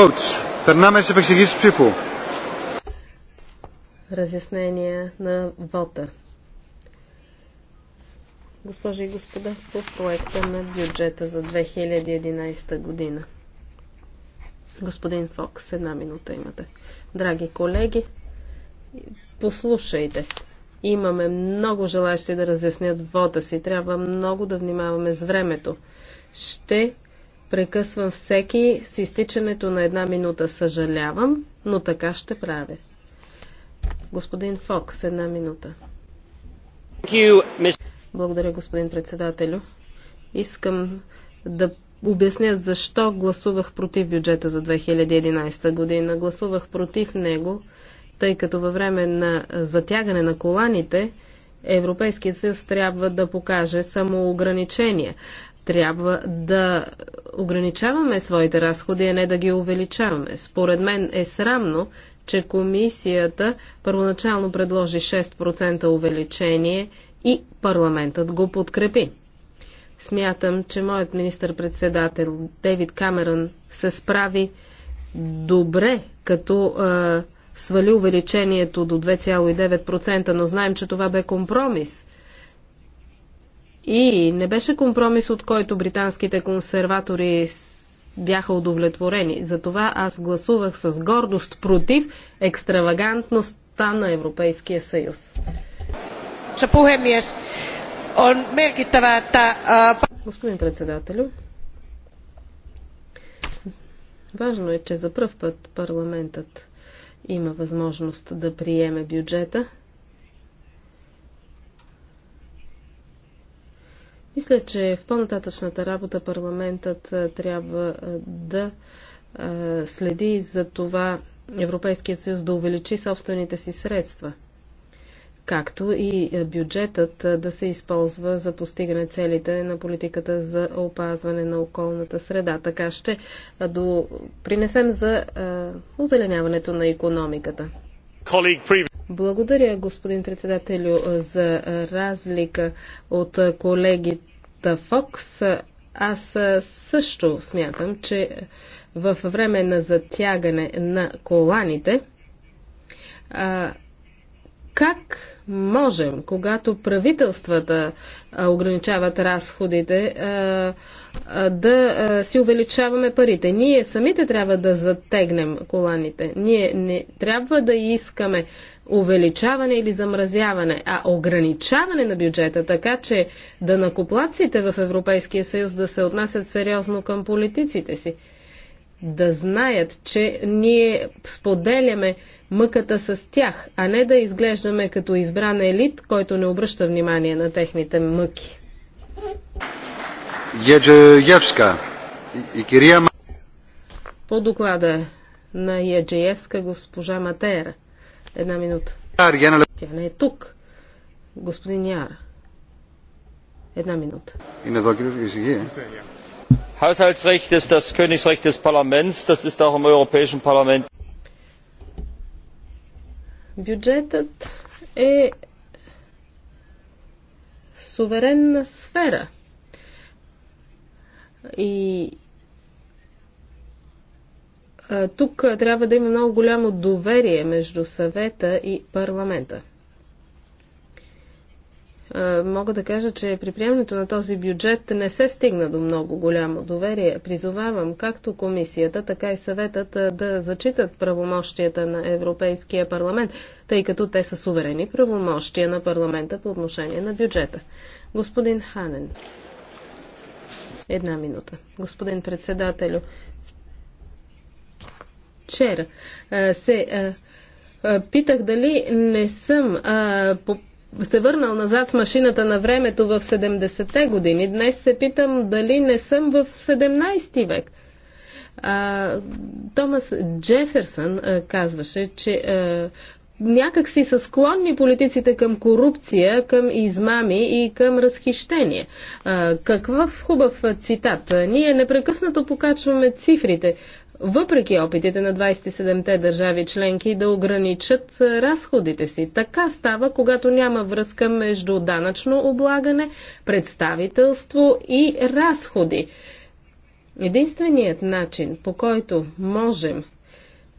votes. Περνάμε ψήφου. Разяснение на вота. Госпожи и господа, по проекта на бюджета за 2011 година. Господин Фокс, една минута имате. Драги колеги, послушайте. Имаме много желащи да разяснят вода си. Трябва много да внимаваме с времето. Ще Прекъсвам всеки с изтичането на една минута. Съжалявам, но така ще правя. Господин Фокс, една минута. Благодаря, господин председателю. Искам да обясня защо гласувах против бюджета за 2011 година. Гласувах против него, тъй като във време на затягане на коланите Европейският съюз трябва да покаже самоограничения. Трябва да ограничаваме своите разходи, а не да ги увеличаваме. Според мен е срамно, че комисията първоначално предложи 6% увеличение и парламентът го подкрепи. Смятам, че моят министър-председател Дейвид Камерън се справи добре, като а, свали увеличението до 2,9%, но знаем, че това бе компромис. И не беше компромис, от който британските консерватори бяха удовлетворени. Затова аз гласувах с гордост против екстравагантността на Европейския съюз. Господин председателю, важно е, че за първ път парламентът има възможност да приеме бюджета – Мисля, че в по-нататъчната работа парламентът трябва да следи за това Европейският съюз да увеличи собствените си средства, както и бюджетът да се използва за постигане целите на политиката за опазване на околната среда. Така ще до... принесем за озеленяването на економиката. Благодаря, господин председателю, за разлика от колегите Фокс, аз също смятам, че в време на затягане на коланите, а, как можем, когато правителствата а, ограничават разходите, а, а, да а, си увеличаваме парите? Ние самите трябва да затегнем коланите. Ние не трябва да искаме увеличаване или замразяване, а ограничаване на бюджета, така че да накоплаците в Европейския съюз да се отнасят сериозно към политиците си. Да знаят, че ние споделяме мъката с тях, а не да изглеждаме като избран елит, който не обръща внимание на техните мъки. Еджеевска. И кирия... По доклада на Яджеевска госпожа Матера. Една минута. Тя не е тук. Господин Яра. Една минута. Haushaltsrecht ist das Königsrecht des Parlaments, das ist auch im Europäischen Parlament. Бюджетът е суверенна сфера. И тук трябва да има много голямо доверие между съвета и парламента. Мога да кажа, че при приемането на този бюджет не се стигна до много голямо доверие. Призовавам както комисията, така и съветът да зачитат правомощията на Европейския парламент, тъй като те са суверени правомощия на парламента по отношение на бюджета. Господин Ханен. Една минута. Господин председателю, вчера се питах дали не съм се върнал назад с машината на времето в 70-те години. Днес се питам дали не съм в 17 век. Томас Джеферсън казваше, че някак си са склонни политиците към корупция, към измами и към разхищение. какъв хубав цитат. Ние непрекъснато покачваме цифрите въпреки опитите на 27-те държави членки да ограничат разходите си. Така става, когато няма връзка между данъчно облагане, представителство и разходи. Единственият начин, по който можем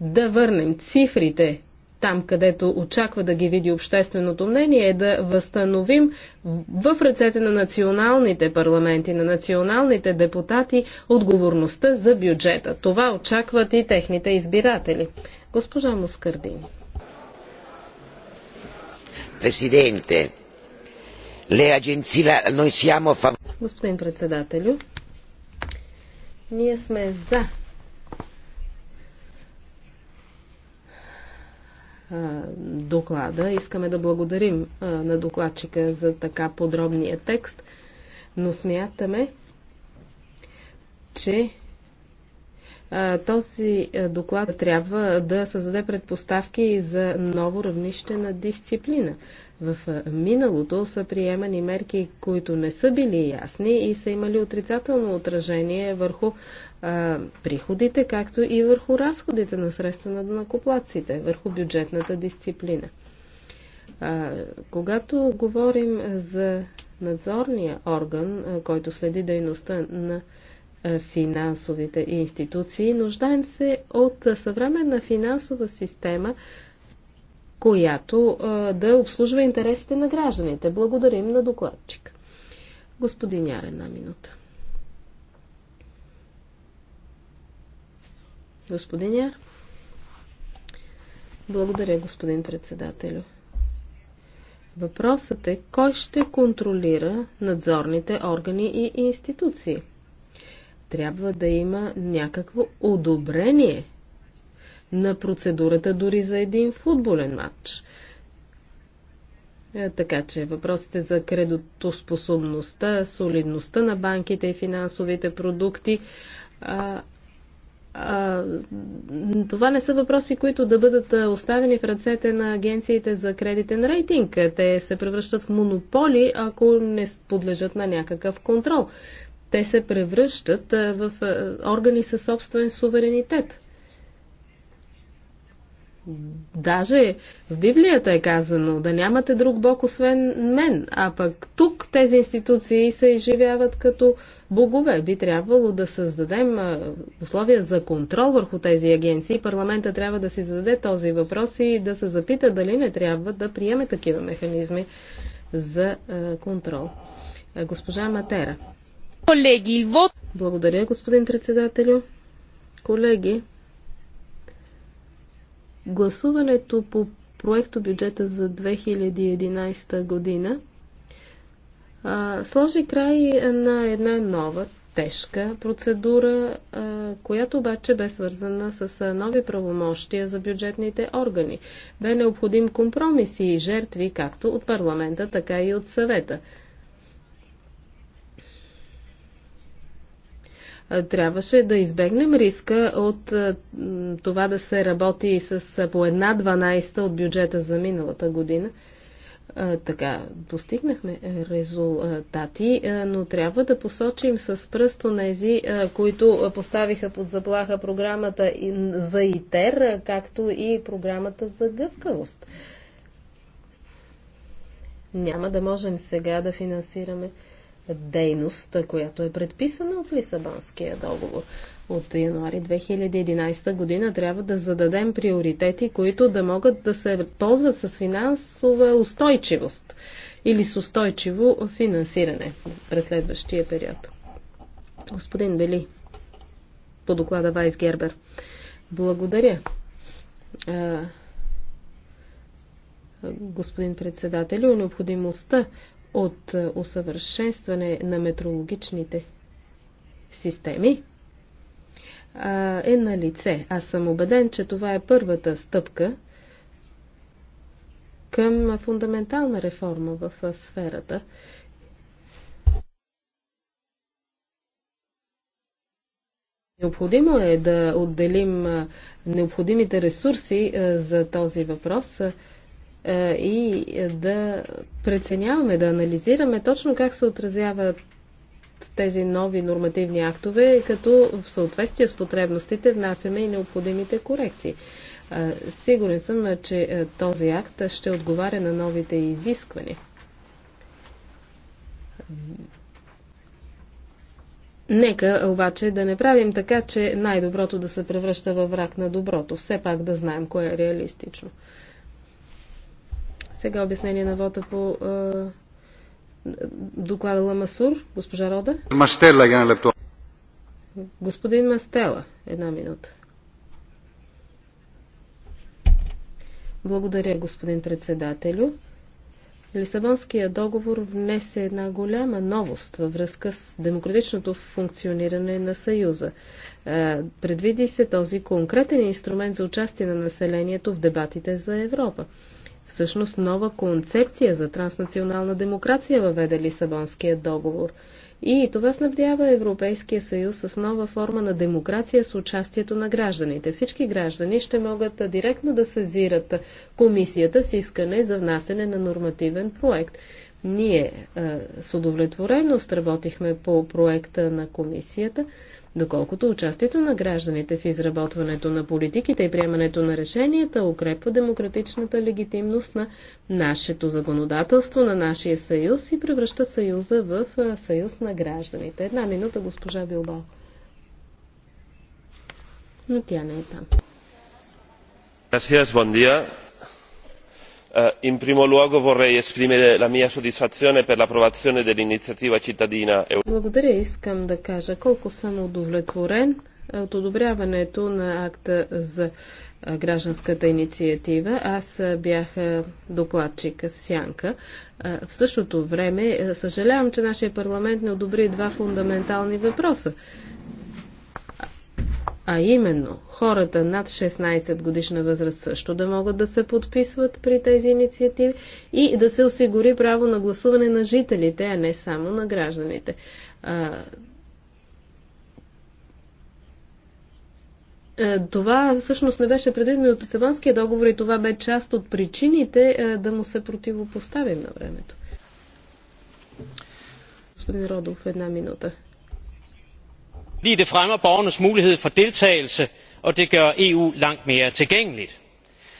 да върнем цифрите там, където очаква да ги види общественото мнение, е да възстановим в ръцете на националните парламенти, на националните депутати отговорността за бюджета. Това очакват и техните избиратели. Госпожа Москардини. Президенте, ле агенцила, сиамо siamo Господин председателю, ние сме за доклада. Искаме да благодарим на докладчика за така подробния текст, но смятаме, че този доклад трябва да създаде предпоставки за ново равнище на дисциплина. В миналото са приемани мерки, които не са били ясни и са имали отрицателно отражение върху а, приходите, както и върху разходите на средства на накоплаците, върху бюджетната дисциплина. А, когато говорим за надзорния орган, а, който следи дейността на финансовите институции, нуждаем се от съвременна финансова система, която да обслужва интересите на гражданите. Благодарим на докладчик. Господин Яре, на минута. Господин Яр. Благодаря, господин председателю. Въпросът е кой ще контролира надзорните органи и институции. Трябва да има някакво одобрение на процедурата дори за един футболен матч. Е, така че въпросите за кредитоспособността, солидността на банките и финансовите продукти а, а, това не са въпроси, които да бъдат оставени в ръцете на агенциите за кредитен рейтинг. Те се превръщат в монополи, ако не подлежат на някакъв контрол. Те се превръщат в органи със собствен суверенитет. Даже в Библията е казано да нямате друг Бог освен мен, а пък тук тези институции се изживяват като богове. Би трябвало да създадем условия за контрол върху тези агенции. Парламента трябва да си зададе този въпрос и да се запита дали не трябва да приеме такива механизми за контрол. Госпожа Матера. Колеги, вот... Благодаря, господин председателю. Колеги, Гласуването по проекто бюджета за 2011 година а, сложи край на една нова тежка процедура, а, която обаче бе свързана с а, нови правомощия за бюджетните органи. Бе необходим компромиси и жертви както от парламента, така и от съвета. трябваше да избегнем риска от това да се работи с по една 12 от бюджета за миналата година. Така, достигнахме резултати, но трябва да посочим с пръсто нези, които поставиха под заплаха програмата за ИТЕР, както и програмата за гъвкавост. Няма да можем сега да финансираме дейност, която е предписана от Лисабонския договор. От януари 2011 година трябва да зададем приоритети, които да могат да се ползват с финансова устойчивост или с устойчиво финансиране през следващия период. Господин Бели, по доклада Вайс Гербер. Благодаря. Господин председател, необходимостта от е, усъвършенстване на метрологичните системи е на лице. Аз съм убеден, че това е първата стъпка към фундаментална реформа в е, сферата. Необходимо е да отделим е, необходимите ресурси за този въпрос. Е, и да преценяваме, да анализираме точно как се отразяват тези нови нормативни актове, като в съответствие с потребностите внасяме и необходимите корекции. Е, сигурен съм, че е, този акт ще отговаря на новите изисквания. Нека обаче да не правим така, че най-доброто да се превръща във враг на доброто. Все пак да знаем кое е реалистично. Сега обяснение на вота по доклада Ламасур, госпожа Рода. Мастела, една лепто. Господин Мастела, една минута. Благодаря, господин председателю. Лисабонския договор внесе една голяма новост във връзка с демократичното функциониране на Съюза. Предвиди се този конкретен инструмент за участие на населението в дебатите за Европа. Всъщност нова концепция за транснационална демокрация въведе Лисабонския договор. И това снабдява Европейския съюз с нова форма на демокрация с участието на гражданите. Всички граждани ще могат директно да сезират комисията с искане за внасене на нормативен проект. Ние е, с удовлетвореност работихме по проекта на комисията – доколкото участието на гражданите в изработването на политиките и приемането на решенията укрепва демократичната легитимност на нашето законодателство, на нашия съюз и превръща съюза в съюз на гражданите. Една минута, госпожа Билбао. Но тя не е там. Gracias, buen día. Eh, in primo luogo vorrei esprimere la mia soddisfazione per l'approvazione dell'iniziativa cittadina Благодаря, искам да кажа колко съм удовлетворен е, от одобряването на акта за е, гражданската инициатива. Аз е, бях докладчик в Сянка. В същото време съжалявам, че нашия парламент не одобри два фундаментални въпроса а именно, хората над 16 годишна възраст също да могат да се подписват при тези инициативи и да се осигури право на гласуване на жителите, а не само на гражданите. Е, това всъщност не беше предвидено и от Лисабонския договор и това бе част от причините е, да му се противопоставим на времето. Господин Родов, една минута det fremmer borgernes mulighed for deltagelse og det gør eu langt mere tilgængeligt.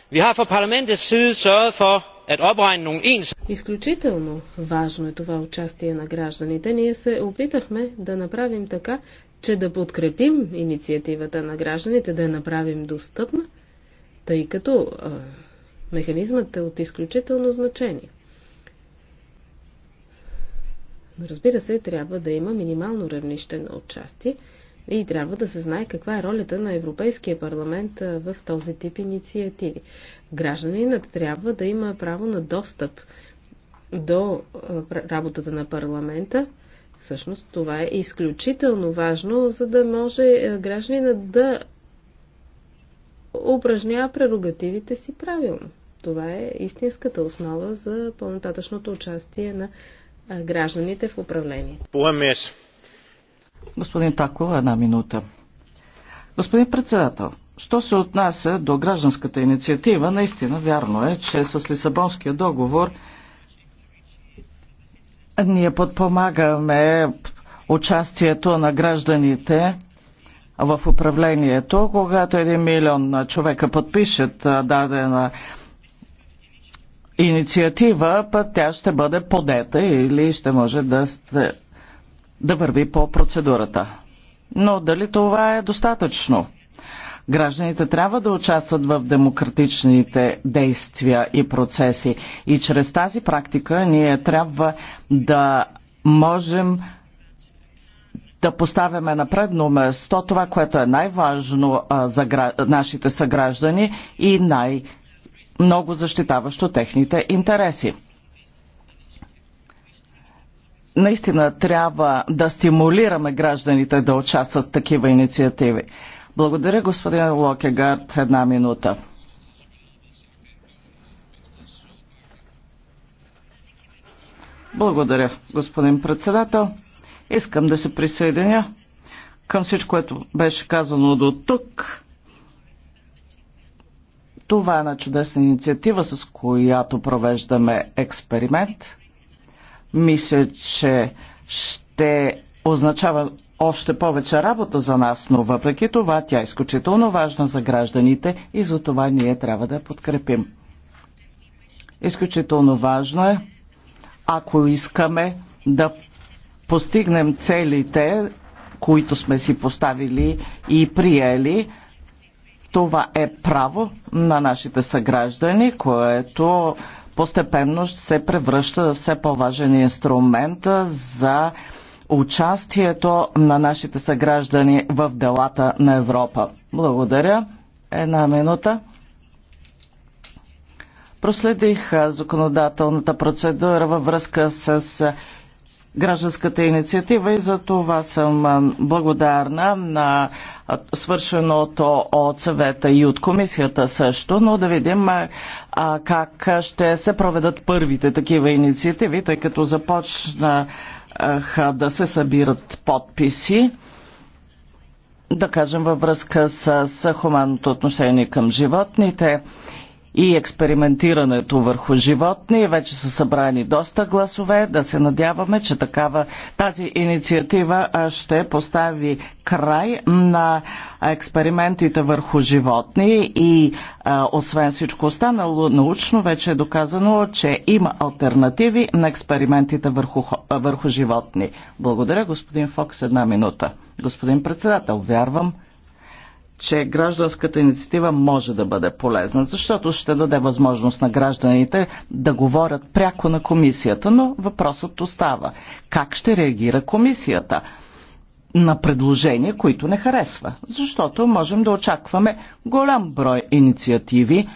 vi har fra parlamentets side sørget for at opregne nogle ens... Изключително важно е това участие на гражданите. Ние се опитахме да направим така, че да подкрепим инициативата на гражданите, да я направим достъпна, тъй като а, механизмът е от изключително значение. Разбира се, трябва да има минимално равнище на участие и трябва да се знае каква е ролята на Европейския парламент в този тип инициативи. Гражданинът трябва да има право на достъп до работата на парламента. Всъщност това е изключително важно, за да може гражданинът да упражнява прерогативите си правилно. Това е истинската основа за пълнотатъчното участие на гражданите в управление. Puhemies. Господин Такова, една минута. Господин председател, що се отнася до гражданската инициатива, наистина вярно е, че с Лисабонския договор ние подпомагаме участието на гражданите в управлението, когато един милион човека подпишат дадена инициатива, път тя ще бъде подета или ще може да, да върви по процедурата. Но дали това е достатъчно? Гражданите трябва да участват в демократичните действия и процеси. И чрез тази практика ние трябва да можем да поставяме на предно место това, което е най-важно за гра... нашите съграждани и най-важно много защитаващо техните интереси. Наистина трябва да стимулираме гражданите да участват в такива инициативи. Благодаря, господин Локегард. Една минута. Благодаря, господин председател. Искам да се присъединя към всичко, което беше казано до тук това е на чудесна инициатива, с която провеждаме експеримент. Мисля, че ще означава още повече работа за нас, но въпреки това тя е изключително важна за гражданите и за това ние трябва да я подкрепим. Изключително важно е, ако искаме да постигнем целите, които сме си поставили и приели, това е право на нашите съграждани, което постепенно се превръща в все по-важен инструмент за участието на нашите съграждани в делата на Европа. Благодаря. Една минута. Проследих законодателната процедура във връзка с гражданската инициатива и за това съм благодарна на свършеното от съвета и от комисията също, но да видим как ще се проведат първите такива инициативи, тъй като започнаха да се събират подписи да кажем във връзка с хуманното отношение към животните и експериментирането върху животни. Вече са събрани доста гласове. Да се надяваме, че такава тази инициатива ще постави край на експериментите върху животни и а, освен всичко останало научно вече е доказано, че има альтернативи на експериментите върху, върху животни. Благодаря, господин Фокс, една минута. Господин председател, вярвам, че гражданската инициатива може да бъде полезна, защото ще даде възможност на гражданите да говорят пряко на комисията, но въпросът остава. Как ще реагира комисията? на предложения, които не харесва. Защото можем да очакваме голям брой инициативи,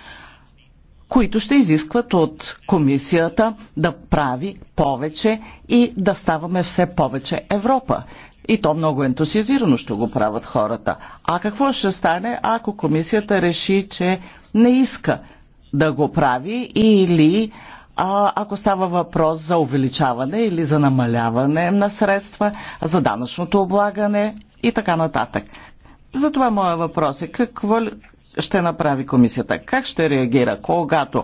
които ще изискват от комисията да прави повече и да ставаме все повече Европа. И то много ентусиазирано ще го правят хората. А какво ще стане, ако комисията реши, че не иска да го прави или а, ако става въпрос за увеличаване или за намаляване на средства, за данъчното облагане и така нататък. Затова моя въпрос е какво ще направи комисията? Как ще реагира, когато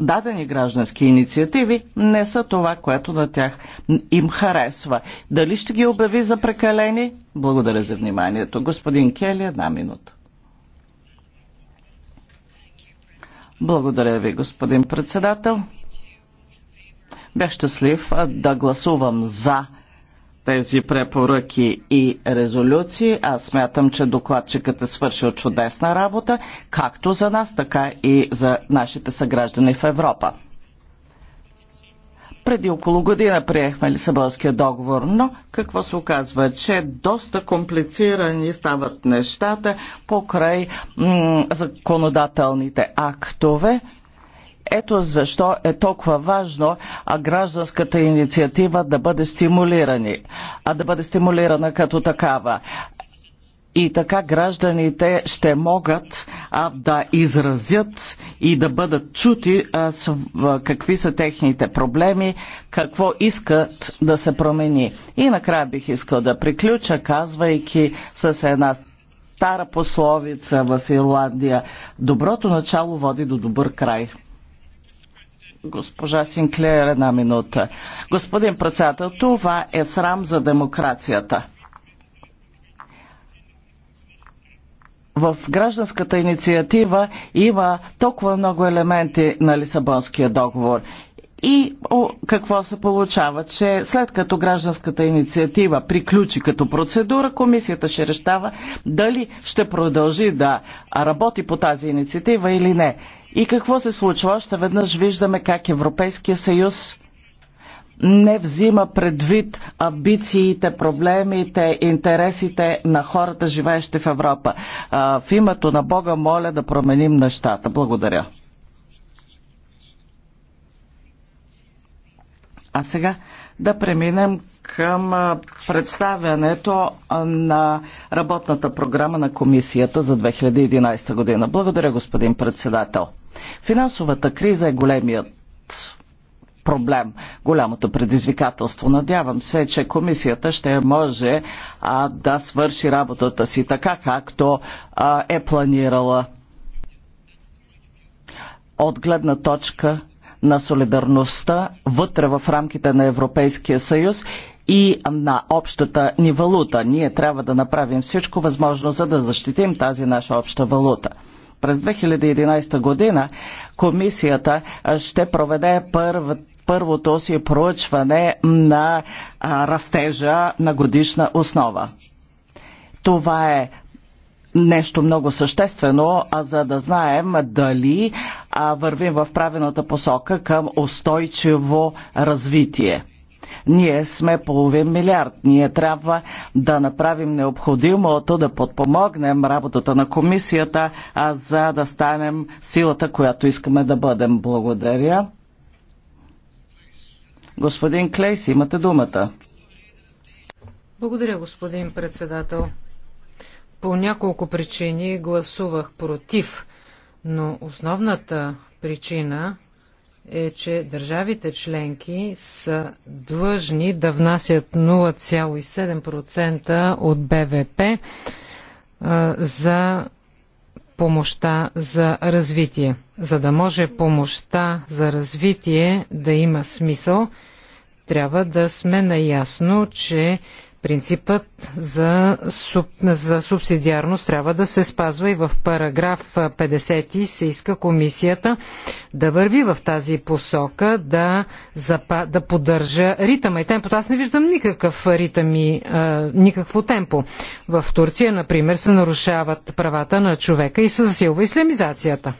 дадени граждански инициативи не са това, което на тях им харесва. Дали ще ги обяви за прекалени? Благодаря за вниманието. Господин Кели, една минута. Благодаря ви, господин председател. Бях щастлив да гласувам за тези препоръки и резолюции. Аз смятам, че докладчикът е свършил чудесна работа, както за нас, така и за нашите съграждани в Европа. Преди около година приехме Лисабонския договор, но какво се оказва, че доста комплицирани стават нещата покрай законодателните актове, ето защо е толкова важно а гражданската инициатива да бъде стимулирани, а да бъде стимулирана като такава. И така гражданите ще могат а, да изразят и да бъдат чути а, с, а, какви са техните проблеми, какво искат да се промени. И накрая бих искал да приключа, казвайки с една стара пословица в Ирландия. Доброто начало води до добър край. Госпожа Синклер, една минута. Господин председател, това е срам за демокрацията. в гражданската инициатива има толкова много елементи на Лисабонския договор. И о, какво се получава? Че след като гражданската инициатива приключи като процедура, комисията ще решава дали ще продължи да работи по тази инициатива или не. И какво се случва? Още веднъж виждаме как Европейския съюз не взима предвид амбициите, проблемите, интересите на хората, живеещи в Европа. в името на Бога моля да променим нещата. Благодаря. А сега да преминем към представянето на работната програма на комисията за 2011 година. Благодаря, господин председател. Финансовата криза е големият проблем, голямото предизвикателство. Надявам се, че комисията ще може а, да свърши работата си така, както а, е планирала от гледна точка на солидарността вътре в рамките на Европейския съюз и на общата ни валута. Ние трябва да направим всичко възможно, за да защитим тази наша обща валута. През 2011 година комисията ще проведе първата първото си проучване на а, растежа на годишна основа. Това е нещо много съществено, а за да знаем дали вървим в правилната посока към устойчиво развитие. Ние сме половин милиард. Ние трябва да направим необходимото, да подпомогнем работата на комисията, а за да станем силата, която искаме да бъдем. Благодаря. Господин Клейс, имате думата. Благодаря, господин председател. По няколко причини гласувах против, но основната причина е, че държавите членки са длъжни да внасят 0,7% от БВП за помощта за развитие. За да може помощта за развитие да има смисъл, трябва да сме наясно, че Принципът за, суб, за субсидиарност трябва да се спазва и в параграф 50 се иска комисията да върви в тази посока, да, запа, да поддържа ритъма и темпото. Аз не виждам никакъв ритъм и а, никакво темпо. В Турция, например, се нарушават правата на човека и се засилва ислямизацията.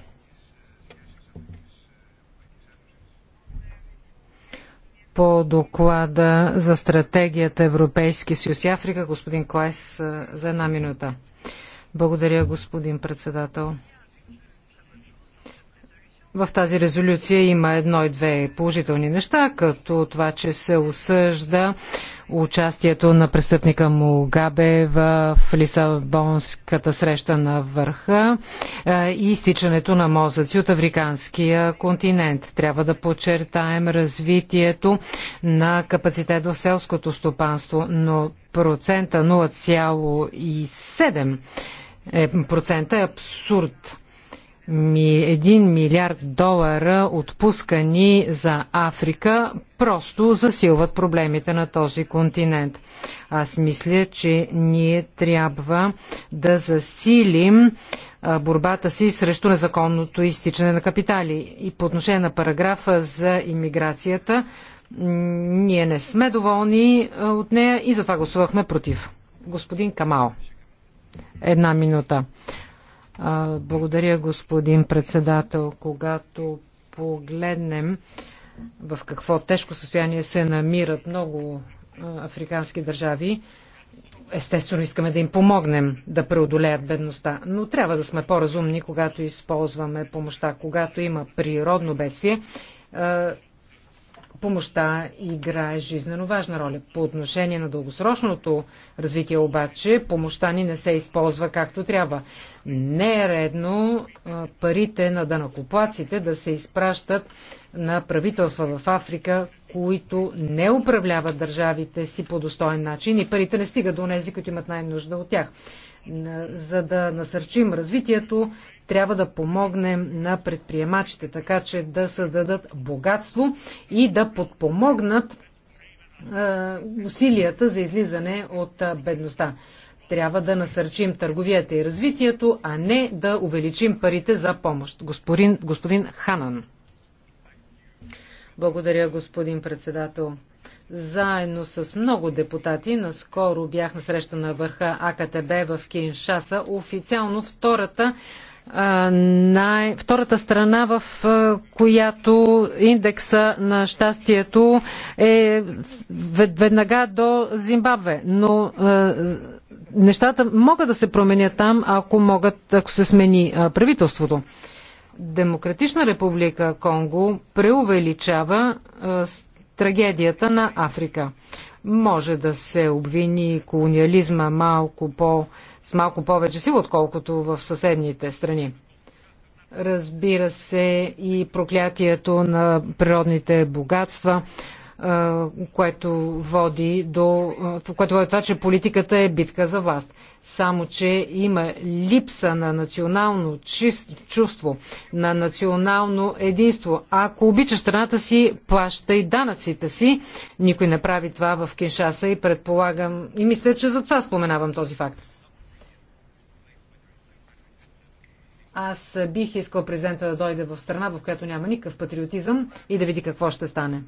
по доклада за стратегията Европейски съюз и Африка. Господин Клайс, за една минута. Благодаря, господин председател. В тази резолюция има едно и две положителни неща, като това, че се осъжда участието на престъпника Мугабе в Лисабонската среща на върха е, и изтичането на мозъци от африканския континент. Трябва да подчертаем развитието на капацитет в селското стопанство, но процента 0,7% е, е абсурд 1 милиард долара отпускани за Африка, просто засилват проблемите на този континент. Аз мисля, че ние трябва да засилим борбата си срещу незаконното изтичане на капитали. И по отношение на параграфа за иммиграцията, ние не сме доволни от нея и затова гласувахме против. Господин Камал. Една минута. Благодаря, господин председател. Когато погледнем в какво тежко състояние се намират много африкански държави, естествено искаме да им помогнем да преодолеят бедността, но трябва да сме по-разумни, когато използваме помощта, когато има природно бедствие помощта играе жизнено важна роля. По отношение на дългосрочното развитие обаче, помощта ни не се използва както трябва. Не е редно парите на данакоплаците да се изпращат на правителства в Африка, които не управляват държавите си по достоен начин и парите не стигат до нези, които имат най-нужда от тях. За да насърчим развитието, трябва да помогнем на предприемачите, така че да създадат богатство и да подпомогнат усилията за излизане от бедността. Трябва да насърчим търговията и развитието, а не да увеличим парите за помощ. Господин, господин Ханан. Благодаря, господин председател. Заедно с много депутати наскоро бях на среща на върха АКТБ в Киншаса, официално втората най- втората страна, в която индекса на щастието е веднага до Зимбабве. Но нещата могат да се променят там, ако, могат, ако се смени правителството. Демократична република Конго преувеличава трагедията на Африка. Може да се обвини колониализма малко по- с малко повече сила, отколкото в съседните страни. Разбира се и проклятието на природните богатства, което води до което води това, че политиката е битка за власт. Само, че има липса на национално чист, чувство, на национално единство. Ако обича страната си, плаща и данъците си. Никой не прави това в Киншаса и предполагам, и мисля, че за това споменавам този факт. Аз бих искал президента да дойде в страна, в която няма никакъв патриотизъм и да види какво ще стане.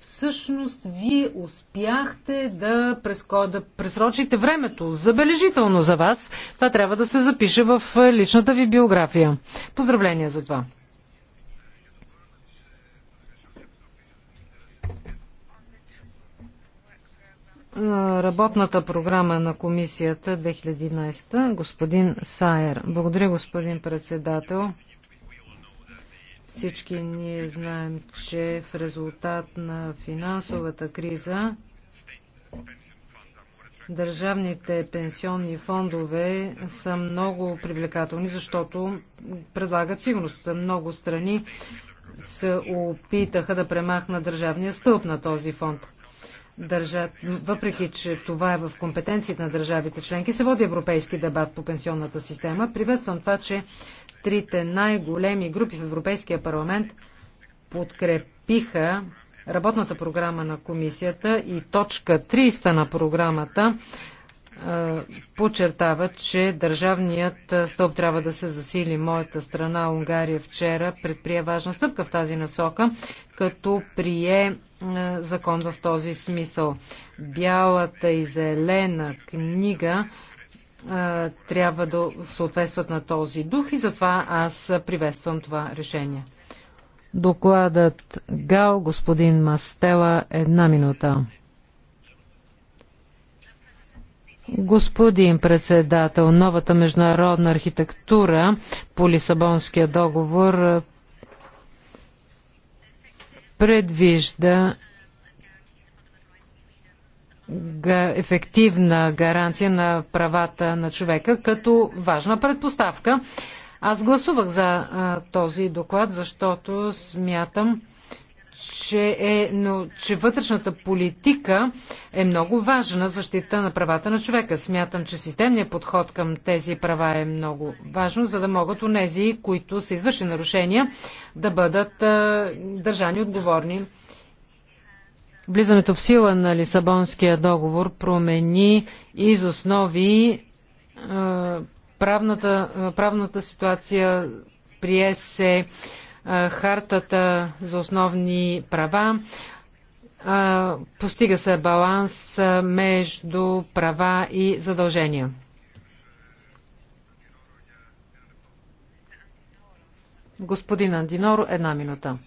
Всъщност, вие успяхте да, преско... да пресрочите времето. Забележително за вас. Това трябва да се запише в личната ви биография. Поздравления за това. работната програма на комисията 2011. Господин Сайер. Благодаря, господин председател. Всички ние знаем, че в резултат на финансовата криза държавните пенсионни фондове са много привлекателни, защото предлагат сигурност. Много страни се опитаха да премахнат държавния стълб на този фонд държат, въпреки че това е в компетенциите на държавите членки, се води европейски дебат по пенсионната система. Приветствам това, че трите най-големи групи в Европейския парламент подкрепиха работната програма на комисията и точка 300 на програмата подчертава, че държавният стълб трябва да се засили. Моята страна, Унгария, вчера предприе важна стъпка в тази насока, като прие закон в този смисъл. Бялата и зелена книга трябва да съответстват на този дух и затова аз приветствам това решение. Докладът ГАО, господин Мастела, една минута. Господин председател, новата международна архитектура по Лисабонския договор предвижда ефективна гаранция на правата на човека като важна предпоставка. Аз гласувах за този доклад, защото смятам, че, е, но, че вътрешната политика е много важна защита на правата на човека. Смятам, че системният подход към тези права е много важно, за да могат онези, които са извърши нарушения, да бъдат а, държани отговорни. Влизането в сила на Лисабонския договор промени из основи а, правната, а, правната ситуация прие се хартата за основни права. Постига се баланс между права и задължения. Господин Андиноро, една минута.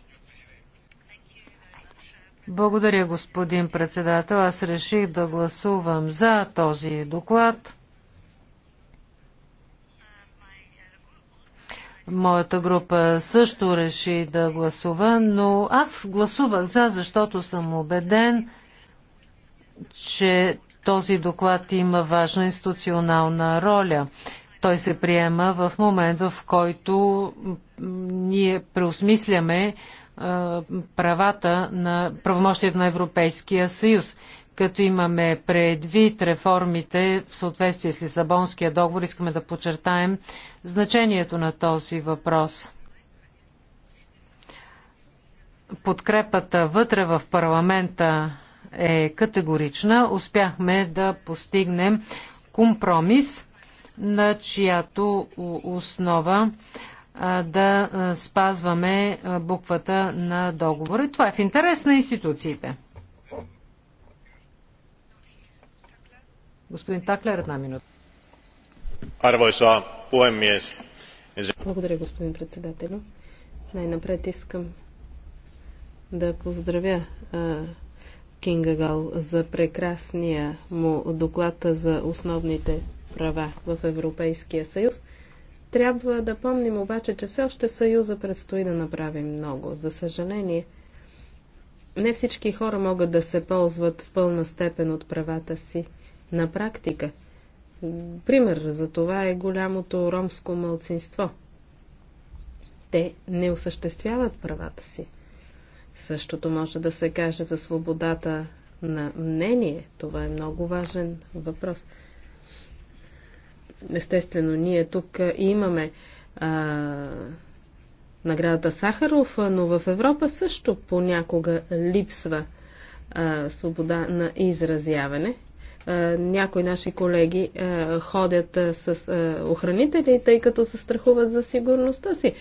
Благодаря, господин председател. Аз реших да гласувам за този доклад. Моята група също реши да гласува, но аз гласувах за, защото съм убеден, че този доклад има важна институционална роля. Той се приема в момент, в който ние преосмисляме правата на правомощите на Европейския съюз като имаме предвид реформите в съответствие с Лисабонския договор, искаме да подчертаем значението на този въпрос. Подкрепата вътре в парламента е категорична. Успяхме да постигнем компромис, на чиято основа да спазваме буквата на договора. Това е в интерес на институциите. Господин Таклер, една минута. Благодаря, господин председател. Най-напред искам да поздравя Кинга Гал за прекрасния му доклад за основните права в Европейския съюз. Трябва да помним обаче, че все още в Съюза предстои да направим много. За съжаление, не всички хора могат да се ползват в пълна степен от правата си на практика. Пример за това е голямото ромско мълцинство. Те не осъществяват правата си. Същото може да се каже за свободата на мнение. Това е много важен въпрос. Естествено, ние тук имаме а, наградата Сахаров, но в Европа също понякога липсва а, свобода на изразяване. Е, някои наши колеги е, ходят е, с охранители, тъй като се страхуват за сигурността си.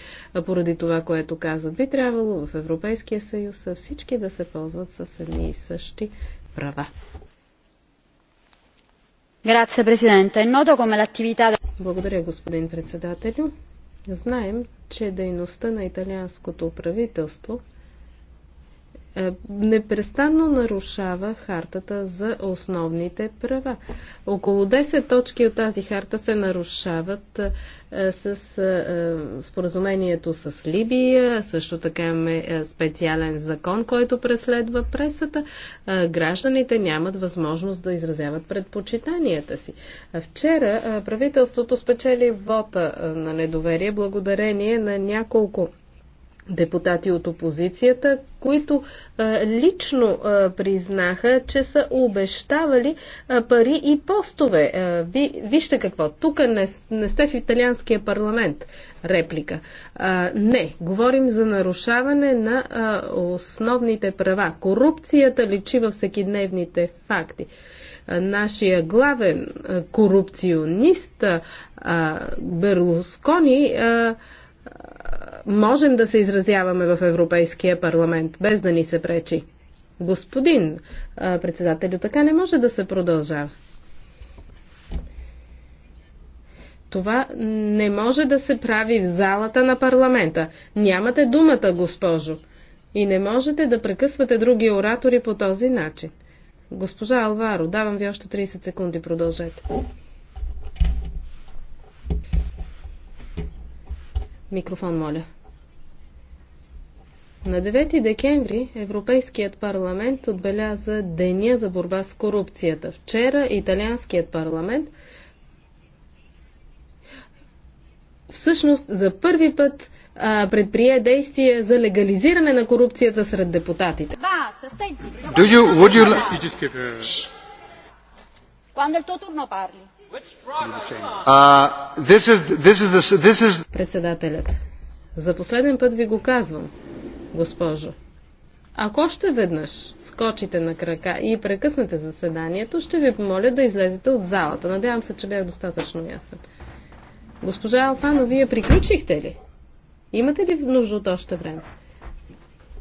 Поради това, което казват, би трябвало в Европейския съюз всички да се ползват с едни и същи права. Благодаря, господин председателю. Знаем, че дейността на италианското правителство – е, непрестанно нарушава хартата за основните права. Около 10 точки от тази харта се нарушават е, с е, споразумението с Либия, също така имаме специален закон, който преследва пресата. Гражданите нямат възможност да изразяват предпочитанията си. Вчера правителството спечели вота на недоверие благодарение на няколко депутати от опозицията, които лично признаха, че са обещавали пари и постове. Ви, вижте какво, тук не, не сте в италианския парламент. Реплика. Не, говорим за нарушаване на основните права. Корупцията личи във всекидневните факти нашия главен корупционист Берлускони можем да се изразяваме в Европейския парламент, без да ни се пречи. Господин председателю, така не може да се продължава. Това не може да се прави в залата на парламента. Нямате думата, госпожо. И не можете да прекъсвате други оратори по този начин. Госпожа Алваро, давам ви още 30 секунди. Продължете. Микрофон, моля. На 9 декември Европейският парламент отбеляза Деня за борба с корупцията. Вчера Италианският парламент всъщност за първи път а, предприе действия за легализиране на корупцията сред депутатите. Do you, would you... Quando il tuo turno parli. Uh, Председателят. За последен път ви го казвам, госпожо. Ако още веднъж скочите на крака и прекъснете заседанието, ще ви помоля да излезете от залата. Надявам се, че бях е достатъчно ясен. Госпожа Алфано, вие приключихте ли? Имате ли нужда от още време?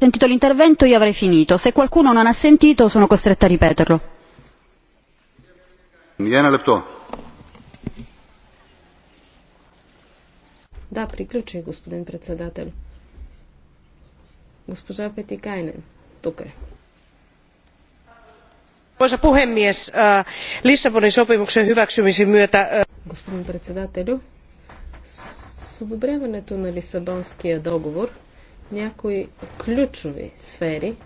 Sentito l'intervento io avrei finito. Se qualcuno non ha sentito sono costretta a ripeterlo ένα λεπτό. Да, приключи, господин председател. Госпожа Петикайнен, тук е. Arvoisa puhemies, Lissabonin sopimuksen hyväksymisen myötä... Господин председател, с одобряването на Лисабонския договор някои ключови сфери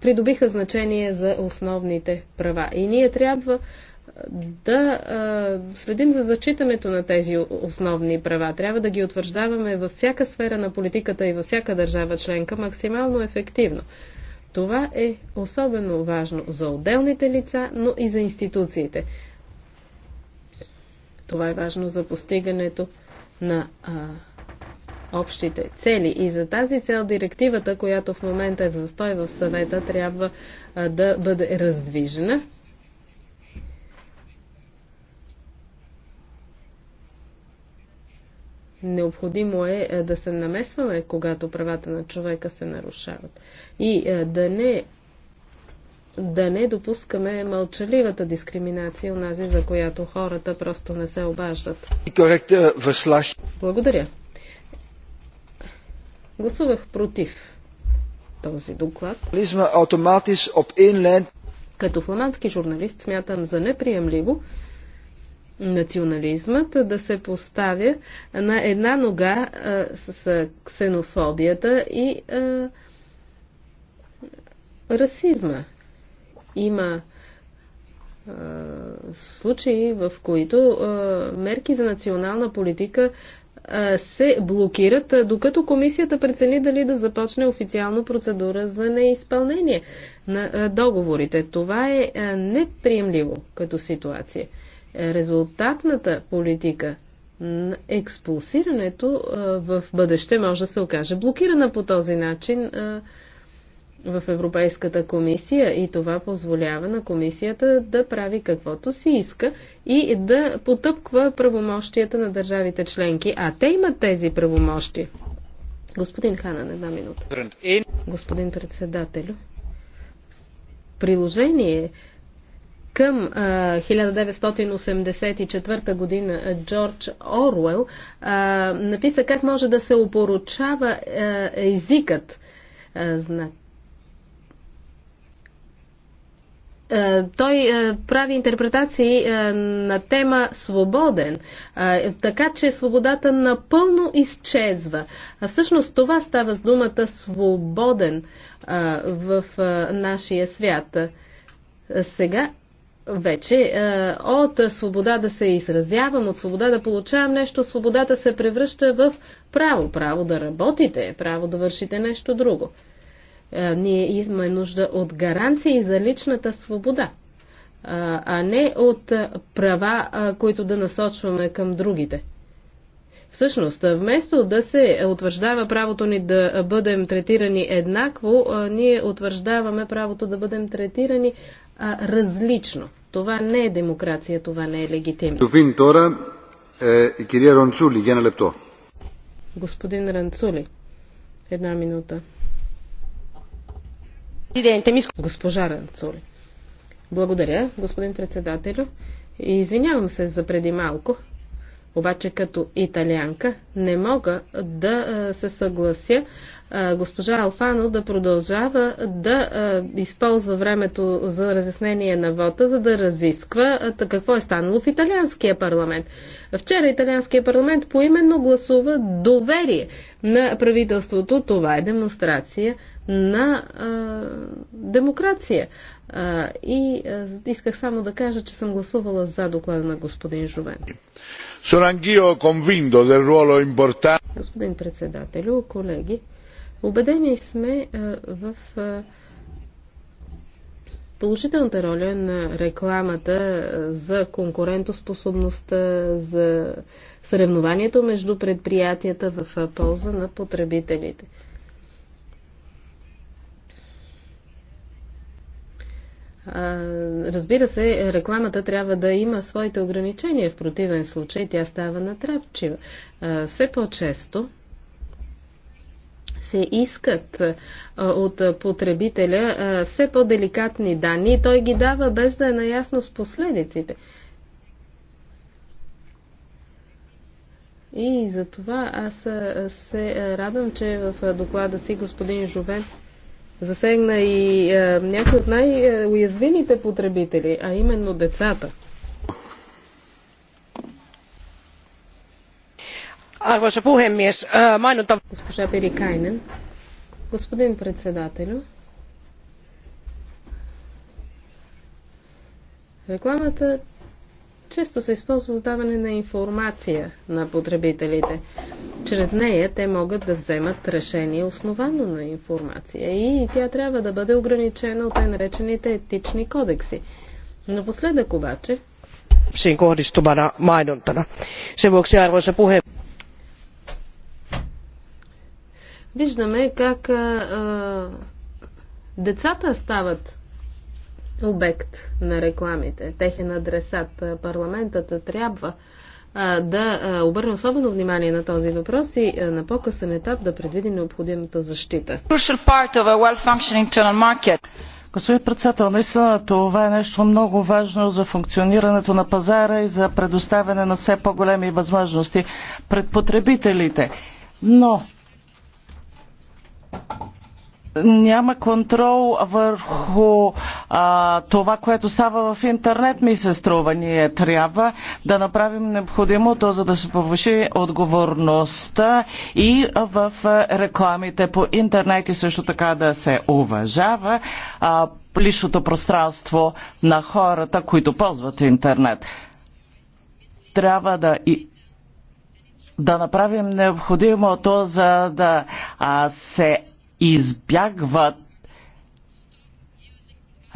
придобиха значение за основните права. И ние трябва да следим за зачитането на тези основни права. Трябва да ги утвърждаваме във всяка сфера на политиката и във всяка държава членка максимално ефективно. Това е особено важно за отделните лица, но и за институциите. Това е важно за постигането на а, общите цели. И за тази цел директивата, която в момента е в застой в съвета, трябва да бъде раздвижена. Необходимо е, е да се намесваме, когато правата на човека се нарушават. И е, да не да не допускаме мълчаливата дискриминация, унази за която хората просто не се обаждат. Благодаря. Гласувах против този доклад. Като фламандски журналист смятам за неприемливо национализмът да се поставя на една нога а, с ксенофобията и а, расизма. Има а, случаи, в които а, мерки за национална политика се блокират, докато комисията прецени дали да започне официално процедура за неизпълнение на договорите. Това е неприемливо като ситуация. Резултатната политика на експулсирането в бъдеще може да се окаже блокирана по този начин в Европейската комисия и това позволява на комисията да прави каквото си иска и да потъпква правомощията на държавите членки. А те имат тези правомощи. Господин Ханан, една минута. Господин председател, приложение към а, 1984 година Джордж Оруел а, написа как може да се опоручава а, езикът. А, знак Е, той е, прави интерпретации е, на тема свободен, така че свободата напълно изчезва. А всъщност това става с думата свободен в нашия свят. Сега вече от свобода да се изразявам, от свобода да получавам нещо, свободата се превръща в право. Право да работите, право да вършите нещо друго. Е, ние имаме нужда от гаранции за личната свобода, а не от права, които да насочваме към другите. Всъщност, вместо да се утвърждава правото ни да бъдем третирани еднакво, ние утвърждаваме правото да бъдем третирани различно. Това не е демокрация, това не е легитимно. Господин е, Ранцули, една минута. Госпожа Ранцоли. Благодаря, господин председателю. Извинявам се за преди малко, обаче като италианка не мога да се съглася госпожа Алфано да продължава да използва времето за разяснение на вота, за да разисква какво е станало в италианския парламент. Вчера италианския парламент поименно гласува доверие на правителството. Това е демонстрация на а, демокрация. А, и а, исках само да кажа, че съм гласувала за доклада на господин Жовен. Господин председателю, колеги, убедени сме а, в а, положителната роля на рекламата за конкурентоспособността, за съревнованието между предприятията в полза на потребителите. Разбира се, рекламата трябва да има своите ограничения. В противен случай тя става натрапчива. Все по-често се искат от потребителя все по-деликатни данни и той ги дава без да е наясно с последиците. И за това аз се радвам, че в доклада си господин Жовен засегна и е, някои от най-уязвимите потребители, а именно децата. Arvoisa puhemies, е, mainonta... Госпожа Перикайнен. Господин председателю, рекламата често се използва за даване на информация на потребителите. Чрез нея те могат да вземат решение основано на информация и тя трябва да бъде ограничена от наречените етични кодекси. последък обаче mainontana. Sen vuoksi, arvoisa Виждаме как а, а, децата стават обект на рекламите, техен адресат. Парламентът трябва да обърне особено внимание на този въпрос и на по-късен етап да предвиди необходимата защита. Господин председател, наистина това е нещо много важно за функционирането на пазара и за предоставяне на все по-големи възможности пред потребителите. Но няма контрол върху а, това, което става в интернет, ми се струва. Ние трябва да направим необходимото, за да се повиши отговорността и в рекламите по интернет и също така да се уважава а, личното пространство на хората, които ползват интернет. Трябва да и да направим необходимото, за да а, се избягват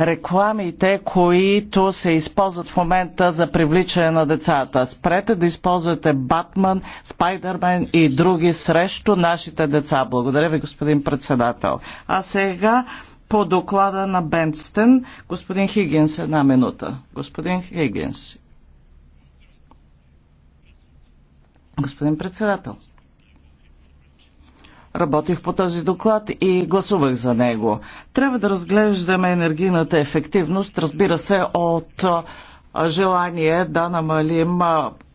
рекламите, които се използват в момента за привличане на децата. Спрете да използвате Батман, Спайдермен и други срещу нашите деца. Благодаря ви, господин председател. А сега по доклада на Бенстен, господин Хигинс, една минута. Господин Хигинс. Господин председател работих по този доклад и гласувах за него. Трябва да разглеждаме енергийната ефективност, разбира се, от желание да намалим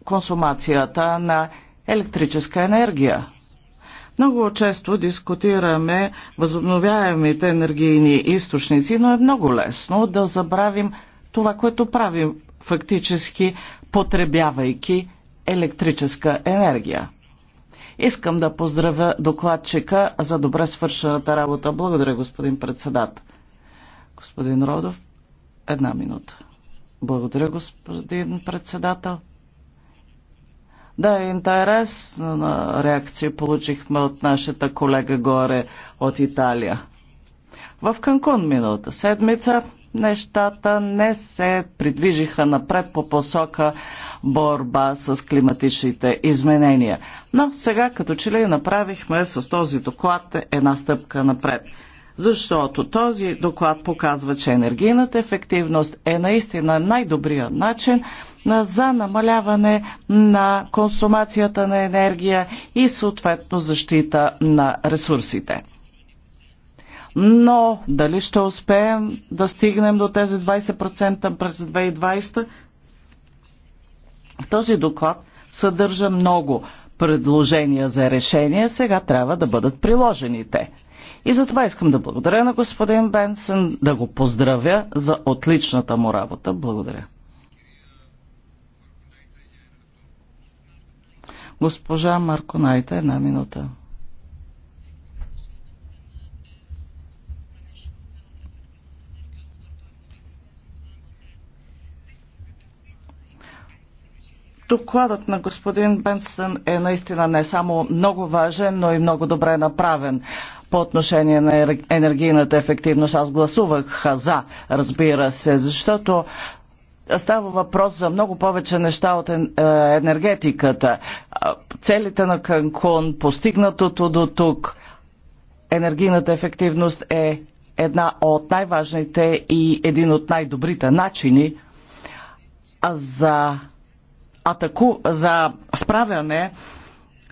консумацията на електрическа енергия. Много често дискутираме възобновяемите енергийни източници, но е много лесно да забравим това, което правим фактически, потребявайки електрическа енергия. Искам да поздравя докладчика за добре свършената работа. Благодаря, господин председател. Господин Родов, една минута. Благодаря, господин председател. Да, е интересна реакция получихме от нашата колега горе от Италия. В Канкун миналата седмица нещата не се придвижиха напред по посока борба с климатичните изменения. Но сега като че ли направихме с този доклад една стъпка напред. Защото този доклад показва, че енергийната ефективност е наистина най-добрия начин за намаляване на консумацията на енергия и съответно защита на ресурсите. Но дали ще успеем да стигнем до тези 20% през 2020? Този доклад съдържа много предложения за решения. сега трябва да бъдат приложени те. И за това искам да благодаря на господин Бенсен, да го поздравя за отличната му работа. Благодаря. Госпожа Марко Найта, една минута. Докладът на господин Бенсън е наистина не само много важен, но и много добре направен. По отношение на енергийната ефективност аз гласувах за, разбира се, защото става въпрос за много повече неща от е, енергетиката. Целите на Канкун, постигнатото до тук, енергийната ефективност е една от най-важните и един от най-добрите начини за атаку, за справяне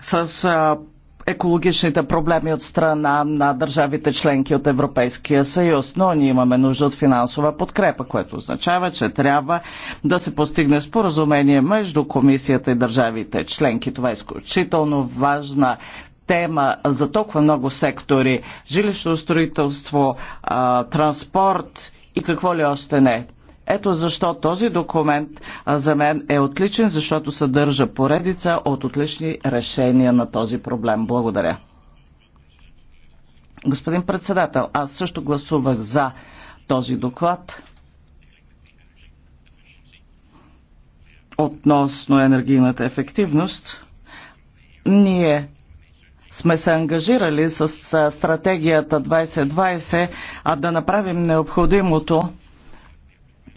с а, екологичните проблеми от страна на държавите членки от Европейския съюз, но ние имаме нужда от финансова подкрепа, което означава, че трябва да се постигне споразумение между комисията и държавите членки. Това е изключително важна тема за толкова много сектори жилищно строителство, транспорт и какво ли още не. Ето защо този документ за мен е отличен, защото съдържа поредица от отлични решения на този проблем. Благодаря. Господин председател, аз също гласувах за този доклад относно енергийната ефективност. Ние сме се ангажирали с стратегията 2020, а да направим необходимото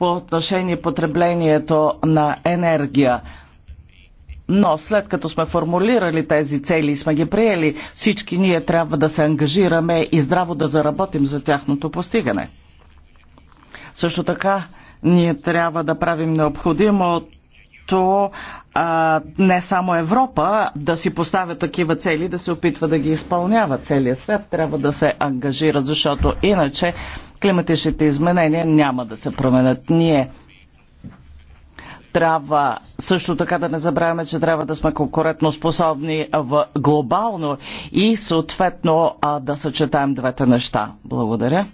по отношение потреблението на енергия. Но след като сме формулирали тези цели и сме ги приели, всички ние трябва да се ангажираме и здраво да заработим за тяхното постигане. Също така, ние трябва да правим необходимото а, не само Европа да си поставя такива цели, да се опитва да ги изпълнява. Целият свят трябва да се ангажира, защото иначе климатичните изменения няма да се променят. Ние трябва също така да не забравяме, че трябва да сме конкурентно способни в глобално и съответно да съчетаем двете неща. Благодаря.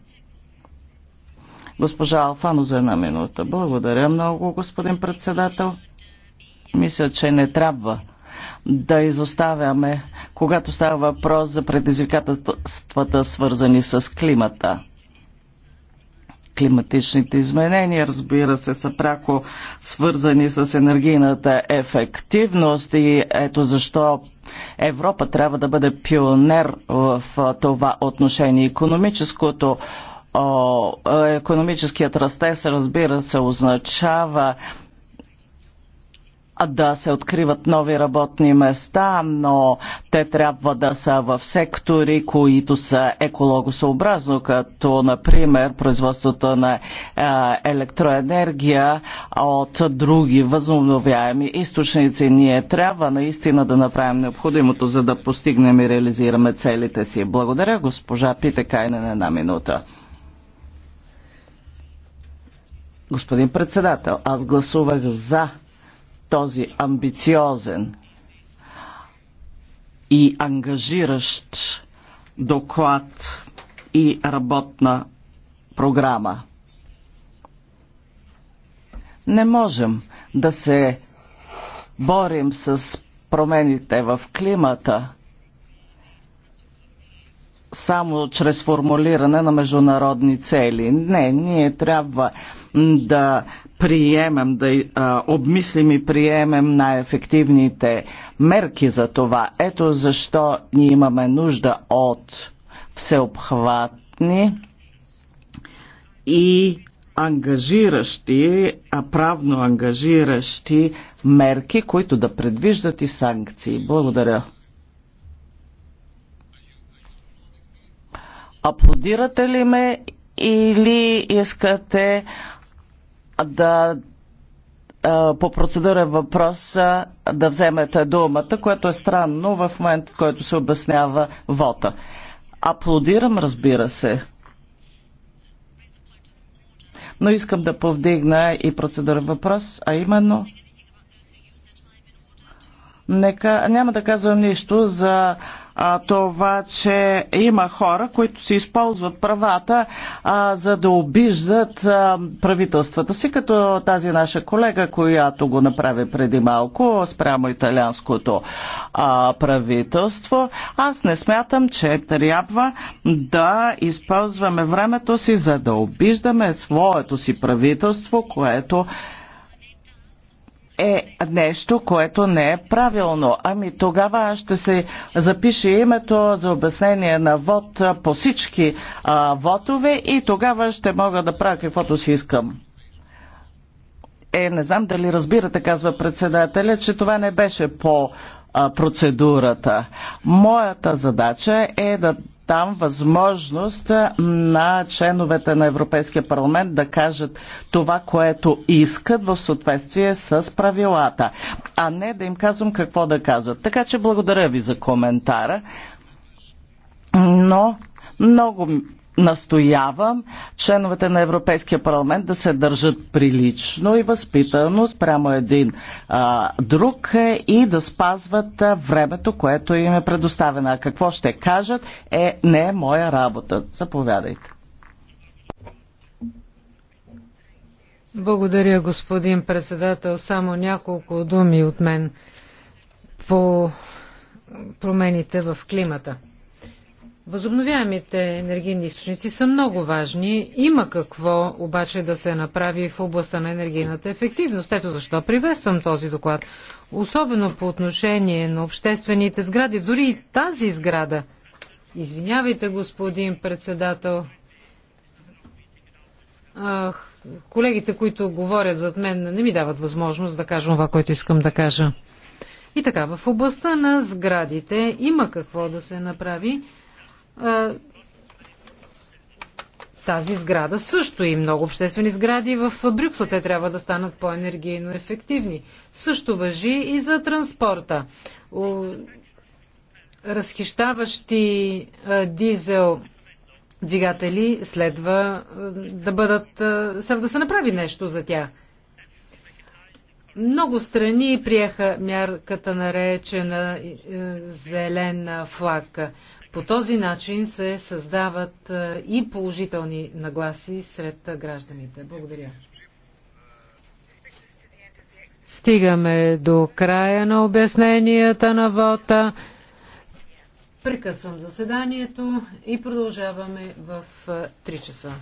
Госпожа Алфано за една минута. Благодаря много, господин председател. Мисля, че не трябва да изоставяме, когато става въпрос за предизвикателствата, свързани с климата климатичните изменения, разбира се, са пряко свързани с енергийната ефективност и ето защо Европа трябва да бъде пионер в това отношение. Економическото е, економическият растеж, разбира се, означава да се откриват нови работни места, но те трябва да са в сектори, които са екологосъобразно, като например производството на електроенергия от други възобновяеми източници. Ние трябва наистина да направим необходимото, за да постигнем и реализираме целите си. Благодаря, госпожа Питекайнен една минута. Господин председател, аз гласувах за този амбициозен и ангажиращ доклад и работна програма. Не можем да се борим с промените в климата само чрез формулиране на международни цели. Не, ние трябва да приемем, да а, обмислим и приемем най-ефективните мерки за това. Ето защо ние имаме нужда от всеобхватни и ангажиращи, а правно ангажиращи мерки, които да предвиждат и санкции. Благодаря. Аплодирате ли ме или искате да по процедурен въпрос да вземете думата, което е странно в момент, в който се обяснява вота. Аплодирам, разбира се. Но искам да повдигна и процедурен въпрос, а именно Нека, няма да казвам нищо за а, това, че има хора, които си използват правата, а, за да обиждат а, правителствата си, като тази наша колега, която го направи преди малко спрямо италианското а, правителство. Аз не смятам, че трябва да използваме времето си, за да обиждаме своето си правителство, което е нещо, което не е правилно. Ами тогава ще се запише името за обяснение на вод по всички а, водове и тогава ще мога да правя каквото си искам. Е, не знам дали разбирате, казва председателя, че това не беше по а, процедурата. Моята задача е да там възможност на членовете на Европейския парламент да кажат това, което искат в съответствие с правилата, а не да им казвам какво да казват. Така че благодаря ви за коментара, но много настоявам членовете на Европейския парламент да се държат прилично и възпитано спрямо един а, друг е и да спазват а, времето, което им е предоставено. А какво ще кажат е не е моя работа. Заповядайте. Благодаря, господин председател. Само няколко думи от мен по промените в климата. Възобновяемите енергийни източници са много важни. Има какво обаче да се направи в областта на енергийната ефективност. Ето защо приветствам този доклад. Особено по отношение на обществените сгради, дори и тази сграда. Извинявайте, господин председател. Ах, колегите, които говорят зад мен, не ми дават възможност да кажа това, което искам да кажа. И така, в областта на сградите има какво да се направи тази сграда също и много обществени сгради в Брюксел. Те трябва да станат по-енергийно ефективни. Също въжи и за транспорта. Разхищаващи дизел двигатели следва да бъдат, следва да се направи нещо за тях. Много страни приеха мярката наречена зелена флаг. По този начин се създават е, и положителни нагласи сред гражданите. Благодаря. Стигаме до края на обясненията на вота. Прекъсвам заседанието и продължаваме в 3 е, часа.